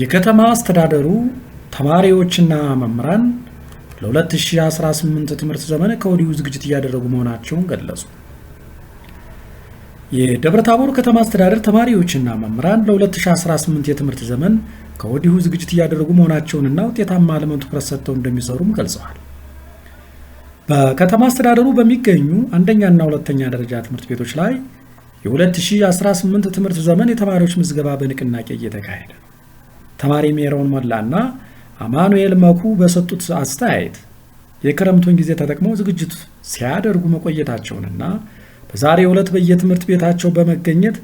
የከተማ አስተዳደሩ ተማሪዎችና መምህራን ለ2018 ትምህርት ዘመን ከወዲሁ ዝግጅት እያደረጉ መሆናቸውን ገለጹ። የደብረ ታቦር ከተማ አስተዳደር ተማሪዎችና መምህራን ለ2018 የትምህርት ዘመን ከወዲሁ ዝግጅት እያደረጉ መሆናቸውንና ውጤታማ ለመሆን ትኩረት ሰጥተው እንደሚሰሩም ገልጸዋል። በከተማ አስተዳደሩ በሚገኙ አንደኛና ሁለተኛ ደረጃ ትምህርት ቤቶች ላይ የ2018 ትምህርት ዘመን የተማሪዎች ምዝገባ በንቅናቄ እየተካሄደ ነው። ተማሪ ሜሮን ሞላና አማኑኤል መኩ በሰጡት አስተያየት የክረምቱን ጊዜ ተጠቅመው ዝግጅት ሲያደርጉ መቆየታቸውንና በዛሬ ዕለት በየትምህርት ቤታቸው በመገኘት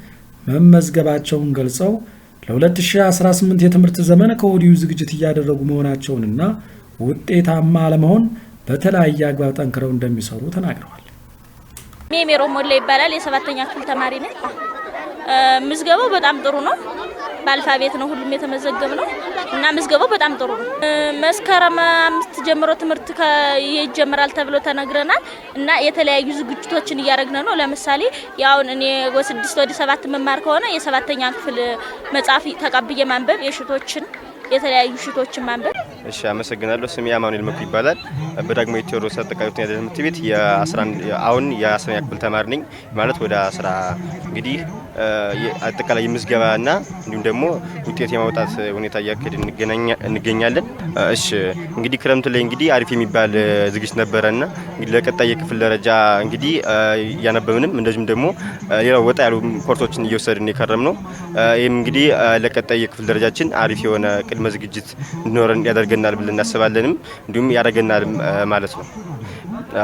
መመዝገባቸውን ገልጸው ለ2018 የትምህርት ዘመን ከወዲሁ ዝግጅት እያደረጉ መሆናቸውንና ውጤታማ ለመሆን በተለያየ አግባብ ጠንክረው እንደሚሰሩ ተናግረዋል። ሜሮ ሞላ ይባላል። የሰባተኛ ክፍል ተማሪ ነኝ። ምዝገባው በጣም ጥሩ ነው። በአልፋቤት ነው ሁሉም የተመዘገብ ነው እና ምዝገባው በጣም ጥሩ ነው። መስከረም አምስት ጀምሮ ትምህርት ይጀምራል ተብሎ ተነግረናል እና የተለያዩ ዝግጅቶችን እያደረግን ነው። ለምሳሌ ያውን እኔ ስድስት ወደ ሰባት መማር ከሆነ የሰባተኛ ክፍል መጽሐፍ ተቀብዬ ማንበብ የሽቶችን የተለያዩ ሽቶችን ማንበብ እሺ አመሰግናለሁ። ስሜ አማኑኤል መኩ ይባላል። በዳግማዊ ቴዎድሮስ አጠቃላይ ሁለተኛ ደረጃ ትምህርት ቤት አሁን የአስረኛ ክፍል ተማሪ ነኝ። ማለት ወደ አስራ እንግዲህ አጠቃላይ የምዝገባና እንዲሁም ደግሞ ውጤት የማውጣት ሁኔታ እያካሄድ እንገኛለን። እሺ እንግዲህ ክረምት ላይ እንግዲህ አሪፍ የሚባል ዝግጅት ነበረና ለቀጣይ የክፍል ደረጃ እንግዲህ እያነበብንም እንደዚሁም ደግሞ ሌላው ወጣ ያሉ ኮርሶችን እየወሰድን የከረም ነው። ይህም እንግዲህ ለቀጣይ የክፍል ደረጃችን አሪፍ የሆነ ቅድመ ዝግጅት እንዲኖረን ያደርገ ያደርገናል ብለን እናስባለንም እንዲሁም ያደርገናል ማለት ነው።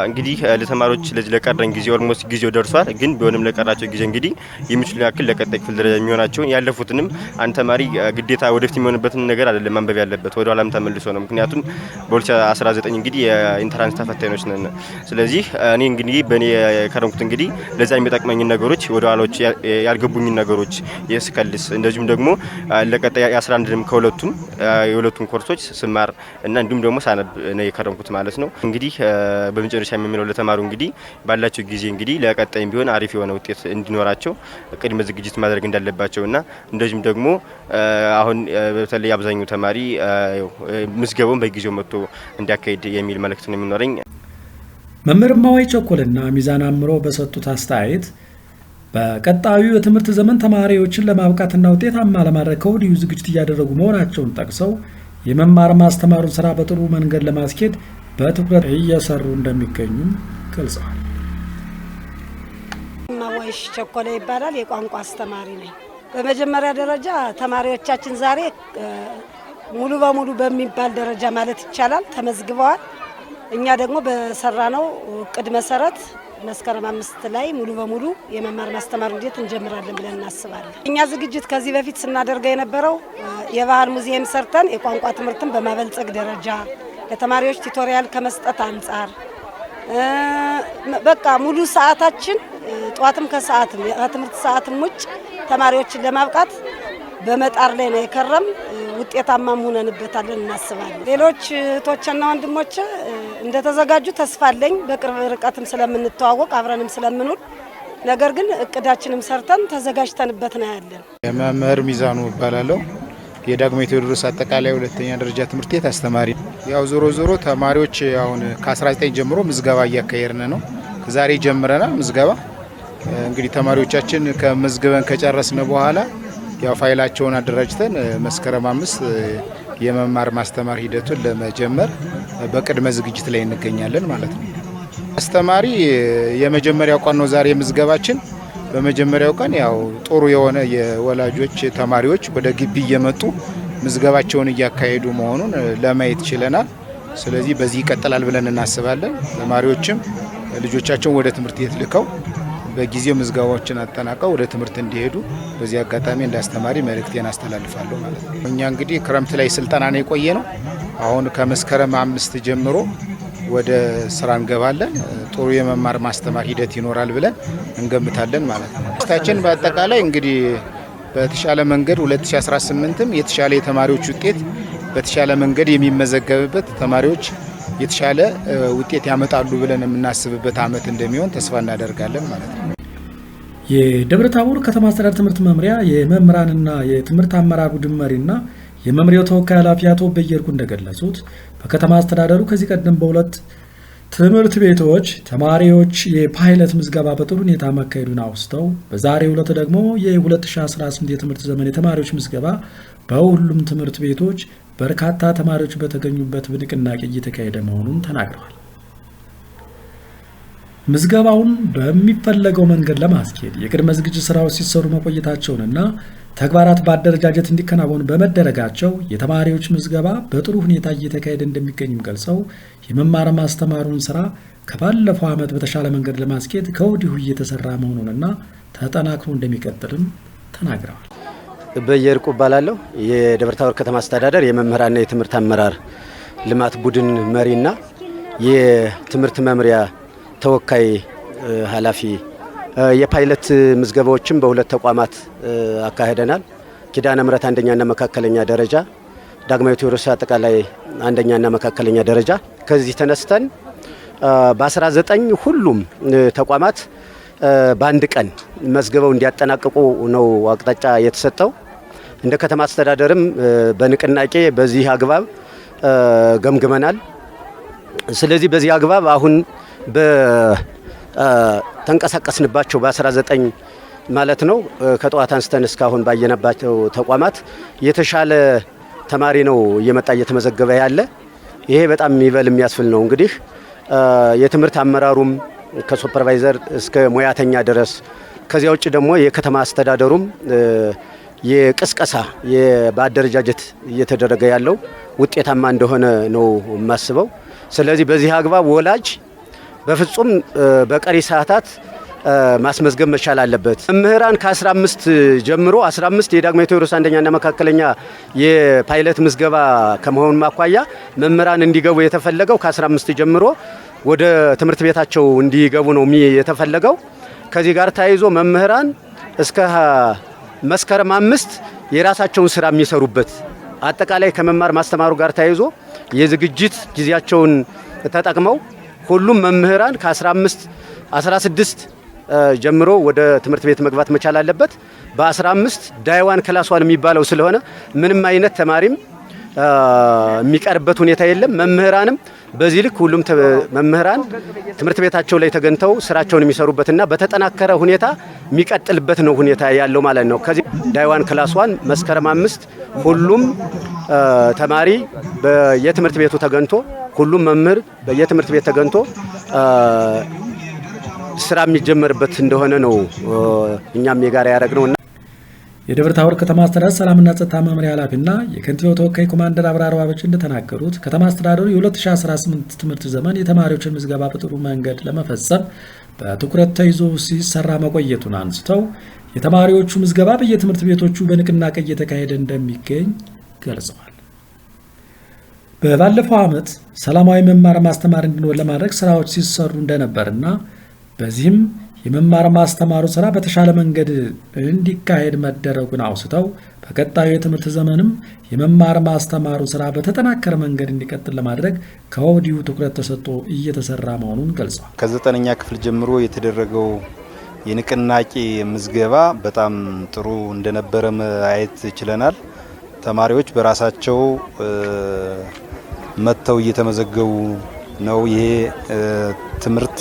እንግዲህ ለተማሪዎች ለዚህ ለቀረን ጊዜ ኦልሞስት ጊዜው ደርሷል። ግን ቢሆንም ለቀራቸው ጊዜ እንግዲህ የሚችሉ ያክል ለቀጣይ ክፍል ደረጃ የሚሆናቸውን ያለፉትንም አንድ ተማሪ ግዴታ ወደፊት የሚሆንበትን ነገር አይደለም ማንበብ ያለበት ወደኋላም ተመልሶ ነው። ምክንያቱም በ2019 እንግዲህ የኢንተራንስ ተፈታኞች ነን። ስለዚህ እኔ እንግዲህ በእኔ የከረምኩት እንግዲህ ለዛ የሚጠቅመኝን ነገሮች ወደኋላዎች ያልገቡኝን ነገሮች የስከልስ እንደዚሁም ደግሞ ለቀጣይ የ11ም ከሁለቱም የሁለቱም ኮርሶች ስማር እና እንዲሁም ደግሞ ሳነብ ነው የከረምኩት ማለት ነው እንግዲህ መጨረሻ የሚለው ለተማሩ እንግዲህ ባላቸው ጊዜ እንግዲህ ለቀጣይም ቢሆን አሪፍ የሆነ ውጤት እንዲኖራቸው ቅድመ ዝግጅት ማድረግ እንዳለባቸውና እንደዚሁም ደግሞ አሁን በተለይ አብዛኛው ተማሪ ምዝገባውን በጊዜው መጥቶ እንዲያካሄድ የሚል መልእክት ነው የሚኖረኝ። መምህር እማዋይ ቸኮልና ሚዛን አምሮ በሰጡት አስተያየት በቀጣዩ የትምህርት ዘመን ተማሪዎችን ለማብቃትና ውጤታማ ለማድረግ ከወዲሁ ዝግጅት እያደረጉ መሆናቸውን ጠቅሰው የመማር ማስተማሩን ስራ በጥሩ መንገድ ለማስኬድ በትኩረት እየሰሩ እንደሚገኙ ገልጸዋል። ማወይሽ ቸኮለ ይባላል። የቋንቋ አስተማሪ ነኝ። በመጀመሪያ ደረጃ ተማሪዎቻችን ዛሬ ሙሉ በሙሉ በሚባል ደረጃ ማለት ይቻላል ተመዝግበዋል። እኛ ደግሞ በሰራነው እቅድ መሰረት መስከረም አምስት ላይ ሙሉ በሙሉ የመማር ማስተማር ሂደት እንጀምራለን ብለን እናስባለን። እኛ ዝግጅት ከዚህ በፊት ስናደርገው የነበረው የባህል ሙዚየም ሰርተን የቋንቋ ትምህርትን በማበልጸግ ደረጃ ለተማሪዎች ቱቶሪያል ከመስጠት አንጻር በቃ ሙሉ ሰዓታችን ጠዋትም ከሰዓትም ከትምህርት ሰዓትም ውጭ ተማሪዎችን ለማብቃት በመጣር ላይ ነው የከረም ውጤታማም ሆነንበታለን እናስባለን። ሌሎች እህቶችና ወንድሞች እንደተዘጋጁ ተስፋ አለኝ። በቅርብ ርቀትም ስለምንተዋወቅ አብረንም ስለምንውል ነገር ግን እቅዳችንም ሰርተን ተዘጋጅተንበት ነው ያለን። የመምህር ሚዛኑ እባላለሁ። የዳግማዊ ቴዎድሮስ አጠቃላይ ሁለተኛ ደረጃ ትምህርት ቤት አስተማሪ ነው። ያው ዞሮ ዞሮ ተማሪዎች አሁን ከ19 ጀምሮ ምዝገባ እያካሄድን ነው። ከዛሬ ጀምረናል ምዝገባ። እንግዲህ ተማሪዎቻችን ከምዝግበን ከጨረስን በኋላ ያው ፋይላቸውን አደራጅተን መስከረም አምስት የመማር ማስተማር ሂደቱን ለመጀመር በቅድመ ዝግጅት ላይ እንገኛለን ማለት ነው። አስተማሪ የመጀመሪያ ቋን ነው ዛሬ ምዝገባችን። በመጀመሪያው ቀን ያው ጥሩ የሆነ የወላጆች ተማሪዎች ወደ ግቢ እየመጡ ምዝገባቸውን እያካሄዱ መሆኑን ለማየት ችለናል። ስለዚህ በዚህ ይቀጥላል ብለን እናስባለን። ተማሪዎችም ልጆቻቸውን ወደ ትምህርት ቤት ልከው በጊዜው ምዝገባዎችን አጠናቀው ወደ ትምህርት እንዲሄዱ በዚህ አጋጣሚ እንዳስተማሪ መልእክቴን አስተላልፋለሁ ማለት ነው። እኛ እንግዲህ ክረምት ላይ ስልጠና ነው የቆየ ነው። አሁን ከመስከረም አምስት ጀምሮ ወደ ስራ እንገባለን። ጥሩ የመማር ማስተማር ሂደት ይኖራል ብለን እንገምታለን ማለት ነው። ስታችን በአጠቃላይ እንግዲህ በተሻለ መንገድ 2018ም የተሻለ የተማሪዎች ውጤት በተሻለ መንገድ የሚመዘገብበት ተማሪዎች የተሻለ ውጤት ያመጣሉ ብለን የምናስብበት አመት እንደሚሆን ተስፋ እናደርጋለን ማለት ነው። የደብረ ታቦር ከተማ አስተዳደር ትምህርት መምሪያ የመምህራንና የትምህርት አመራር ቡድን መሪና የመምሪያው ተወካይ ኃላፊ አቶ በየርኩ እንደገለጹት በከተማ አስተዳደሩ ከዚህ ቀደም በሁለት ትምህርት ቤቶች ተማሪዎች የፓይለት ምዝገባ በጥሩ ሁኔታ መካሄዱን አውስተው በዛሬው ዕለት ደግሞ የ2018 የትምህርት ዘመን የተማሪዎች ምዝገባ በሁሉም ትምህርት ቤቶች በርካታ ተማሪዎች በተገኙበት ብንቅናቄ እየተካሄደ መሆኑን ተናግረዋል። ምዝገባውን በሚፈለገው መንገድ ለማስኬድ የቅድመ ዝግጅት ስራዎች ሲሰሩ መቆየታቸውንና ተግባራት በአደረጃጀት እንዲከናወኑ በመደረጋቸው የተማሪዎች ምዝገባ በጥሩ ሁኔታ እየተካሄደ እንደሚገኝም ገልጸው የመማር ማስተማሩን ስራ ከባለፈው ዓመት በተሻለ መንገድ ለማስኬድ ከወዲሁ እየተሰራ መሆኑንና ተጠናክሮ እንደሚቀጥልም ተናግረዋል። በየርቁ እባላለሁ። የደብረ ከተማ አስተዳደር የመምህራንና የትምህርት አመራር ልማት ቡድን መሪና የትምህርት መምሪያ ተወካይ ኃላፊ የፓይለት ምዝገባዎችን በሁለት ተቋማት አካሂደናል። ኪዳነ ምረት አንደኛና መካከለኛ ደረጃ፣ ዳግማዊ ቴዎድሮስ አጠቃላይ አንደኛና መካከለኛ ደረጃ። ከዚህ ተነስተን በ19 ሁሉም ተቋማት በአንድ ቀን መዝገበው እንዲያጠናቅቁ ነው አቅጣጫ የተሰጠው። እንደ ከተማ አስተዳደርም በንቅናቄ በዚህ አግባብ ገምግመናል። ስለዚህ በዚህ አግባብ አሁን ተንቀሳቀስንባቸው በ19 ማለት ነው። ከጠዋት አንስተን እስካሁን ባየነባቸው ተቋማት የተሻለ ተማሪ ነው እየመጣ እየተመዘገበ ያለ። ይሄ በጣም ይበል የሚያስፍል ነው። እንግዲህ የትምህርት አመራሩም ከሱፐርቫይዘር እስከ ሙያተኛ ድረስ ከዚያ ውጭ ደግሞ የከተማ አስተዳደሩም የቅስቀሳ በአደረጃጀት እየተደረገ ያለው ውጤታማ እንደሆነ ነው የማስበው። ስለዚህ በዚህ አግባብ ወላጅ በፍጹም በቀሪ ሰዓታት ማስመዝገብ መቻል አለበት። መምህራን ከ15 ጀምሮ 15 የዳግማዊ ቴዎድሮስ አንደኛና መካከለኛ የፓይለት ምዝገባ ከመሆኑ ማኳያ መምህራን እንዲገቡ የተፈለገው ከ15 ጀምሮ ወደ ትምህርት ቤታቸው እንዲገቡ ነው የተፈለገው። ከዚህ ጋር ተያይዞ መምህራን እስከ መስከረም አምስት የራሳቸውን ስራ የሚሰሩበት አጠቃላይ ከመማር ማስተማሩ ጋር ተያይዞ የዝግጅት ጊዜያቸውን ተጠቅመው ሁሉም መምህራን ከ15 16 ጀምሮ ወደ ትምህርት ቤት መግባት መቻል አለበት። በ15 ዳይዋን ክላስዋን የሚባለው ስለሆነ ምንም አይነት ተማሪም የሚቀርበት ሁኔታ የለም። መምህራንም በዚህ ልክ ሁሉም መምህራን ትምህርት ቤታቸው ላይ ተገኝተው ስራቸውን የሚሰሩበትና በተጠናከረ ሁኔታ የሚቀጥልበት ነው ሁኔታ ያለው ማለት ነው። ከዚህ ዳይዋን ክላስዋን መስከረም አምስት ሁሉም ተማሪ የትምህርት ቤቱ ተገኝቶ ሁሉም መምህር በየትምህርት ቤት ተገንቶ ስራ የሚጀመርበት እንደሆነ ነው እኛም የጋራ ያደረግነው እና የደብረ ታቦር ከተማ አስተዳደር ሰላምና ጸጥታ መምሪያ ኃላፊና የከንቲባው ተወካይ ኮማንደር አብራር ባበች እንደተናገሩት ከተማ አስተዳደሩ የ2018 ትምህርት ዘመን የተማሪዎችን ምዝገባ በጥሩ መንገድ ለመፈጸም በትኩረት ተይዞ ሲሰራ መቆየቱን አንስተው የተማሪዎቹ ምዝገባ በየትምህርት ቤቶቹ በንቅናቄ እየተካሄደ እንደሚገኝ ገልጸዋል። በባለፈው ዓመት ሰላማዊ መማር ማስተማር እንዲኖር ለማድረግ ስራዎች ሲሰሩ እንደነበርና በዚህም የመማር ማስተማሩ ስራ በተሻለ መንገድ እንዲካሄድ መደረጉን አውስተው በቀጣዩ የትምህርት ዘመንም የመማር ማስተማሩ ስራ በተጠናከረ መንገድ እንዲቀጥል ለማድረግ ከወዲሁ ትኩረት ተሰጥቶ እየተሰራ መሆኑን ገልጸዋል። ከዘጠነኛ ክፍል ጀምሮ የተደረገው የንቅናቄ ምዝገባ በጣም ጥሩ እንደነበረ ማየት ችለናል። ተማሪዎች በራሳቸው መጥተው እየተመዘገቡ ነው። ይሄ ትምህርት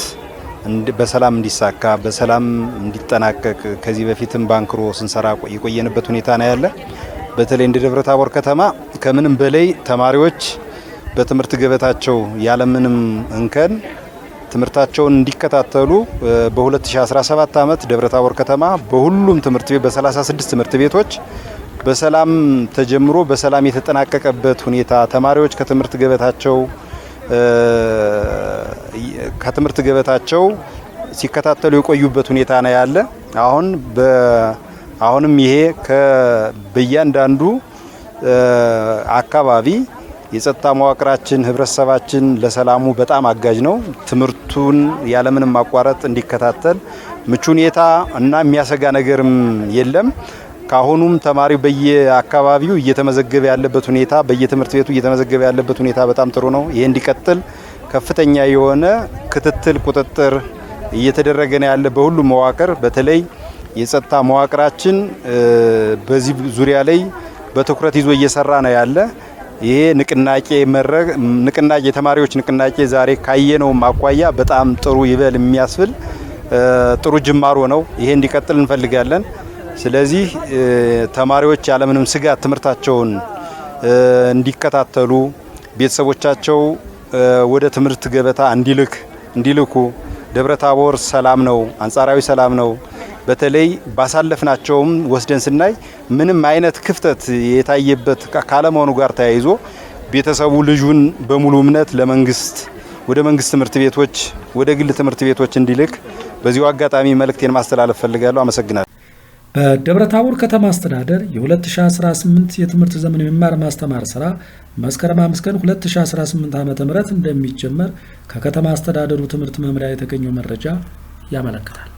በሰላም እንዲሳካ በሰላም እንዲጠናቀቅ ከዚህ በፊትም ባንክሮ ስንሰራ የቆየንበት ሁኔታ ነው ያለ። በተለይ እንደ ደብረ ታቦር ከተማ ከምንም በላይ ተማሪዎች በትምህርት ገበታቸው ያለምንም እንከን ትምህርታቸውን እንዲከታተሉ በ2017 ዓመት ደብረ ታቦር ከተማ በሁሉም ትምህርት ቤት በ36 ትምህርት ቤቶች በሰላም ተጀምሮ በሰላም የተጠናቀቀበት ሁኔታ ተማሪዎች ከትምህርት ገበታቸው ከትምህርት ገበታቸው ሲከታተሉ የቆዩበት ሁኔታ ነው ያለ። አሁን አሁንም ይሄ በእያንዳንዱ አካባቢ የጸጥታ መዋቅራችን ህብረተሰባችን ለሰላሙ በጣም አጋዥ ነው። ትምህርቱን ያለምንም ማቋረጥ እንዲከታተል ምቹ ሁኔታ እና የሚያሰጋ ነገርም የለም። ካሁኑም ተማሪው በየአካባቢው እየተመዘገበ ያለበት ሁኔታ በየትምህርት ቤቱ እየተመዘገበ ያለበት ሁኔታ በጣም ጥሩ ነው። ይህ እንዲቀጥል ከፍተኛ የሆነ ክትትል፣ ቁጥጥር እየተደረገ ነው ያለ በሁሉም መዋቅር፣ በተለይ የጸጥታ መዋቅራችን በዚህ ዙሪያ ላይ በትኩረት ይዞ እየሰራ ነው ያለ። ይሄ ንቅናቄ መረ ንቅናቄ የተማሪዎች ንቅናቄ ዛሬ ካየነው አኳያ በጣም ጥሩ ይበል የሚያስብል ጥሩ ጅማሮ ነው። ይሄ እንዲቀጥል እንፈልጋለን። ስለዚህ ተማሪዎች ያለምንም ስጋት ትምህርታቸውን እንዲከታተሉ ቤተሰቦቻቸው ወደ ትምህርት ገበታ እንዲልክ እንዲልኩ ደብረ ታቦር ሰላም ነው፣ አንጻራዊ ሰላም ነው። በተለይ ባሳለፍናቸውም ወስደን ስናይ ምንም አይነት ክፍተት የታየበት ካለመሆኑ ጋር ተያይዞ ቤተሰቡ ልጁን በሙሉ እምነት ለመንግስት ወደ መንግስት ትምህርት ቤቶች፣ ወደ ግል ትምህርት ቤቶች እንዲልክ በዚሁ አጋጣሚ መልእክቴን ማስተላለፍ ፈልጋለሁ። አመሰግናለሁ። ታቦር ከተማ አስተዳደር የ2018 የትምህርት ዘመን የመማር ማስተማር ስራ መስከረም 5 ቀን 2018 ዓ ም እንደሚጀመር ከከተማ አስተዳደሩ ትምህርት መምሪያ የተገኘው መረጃ ያመለክታል።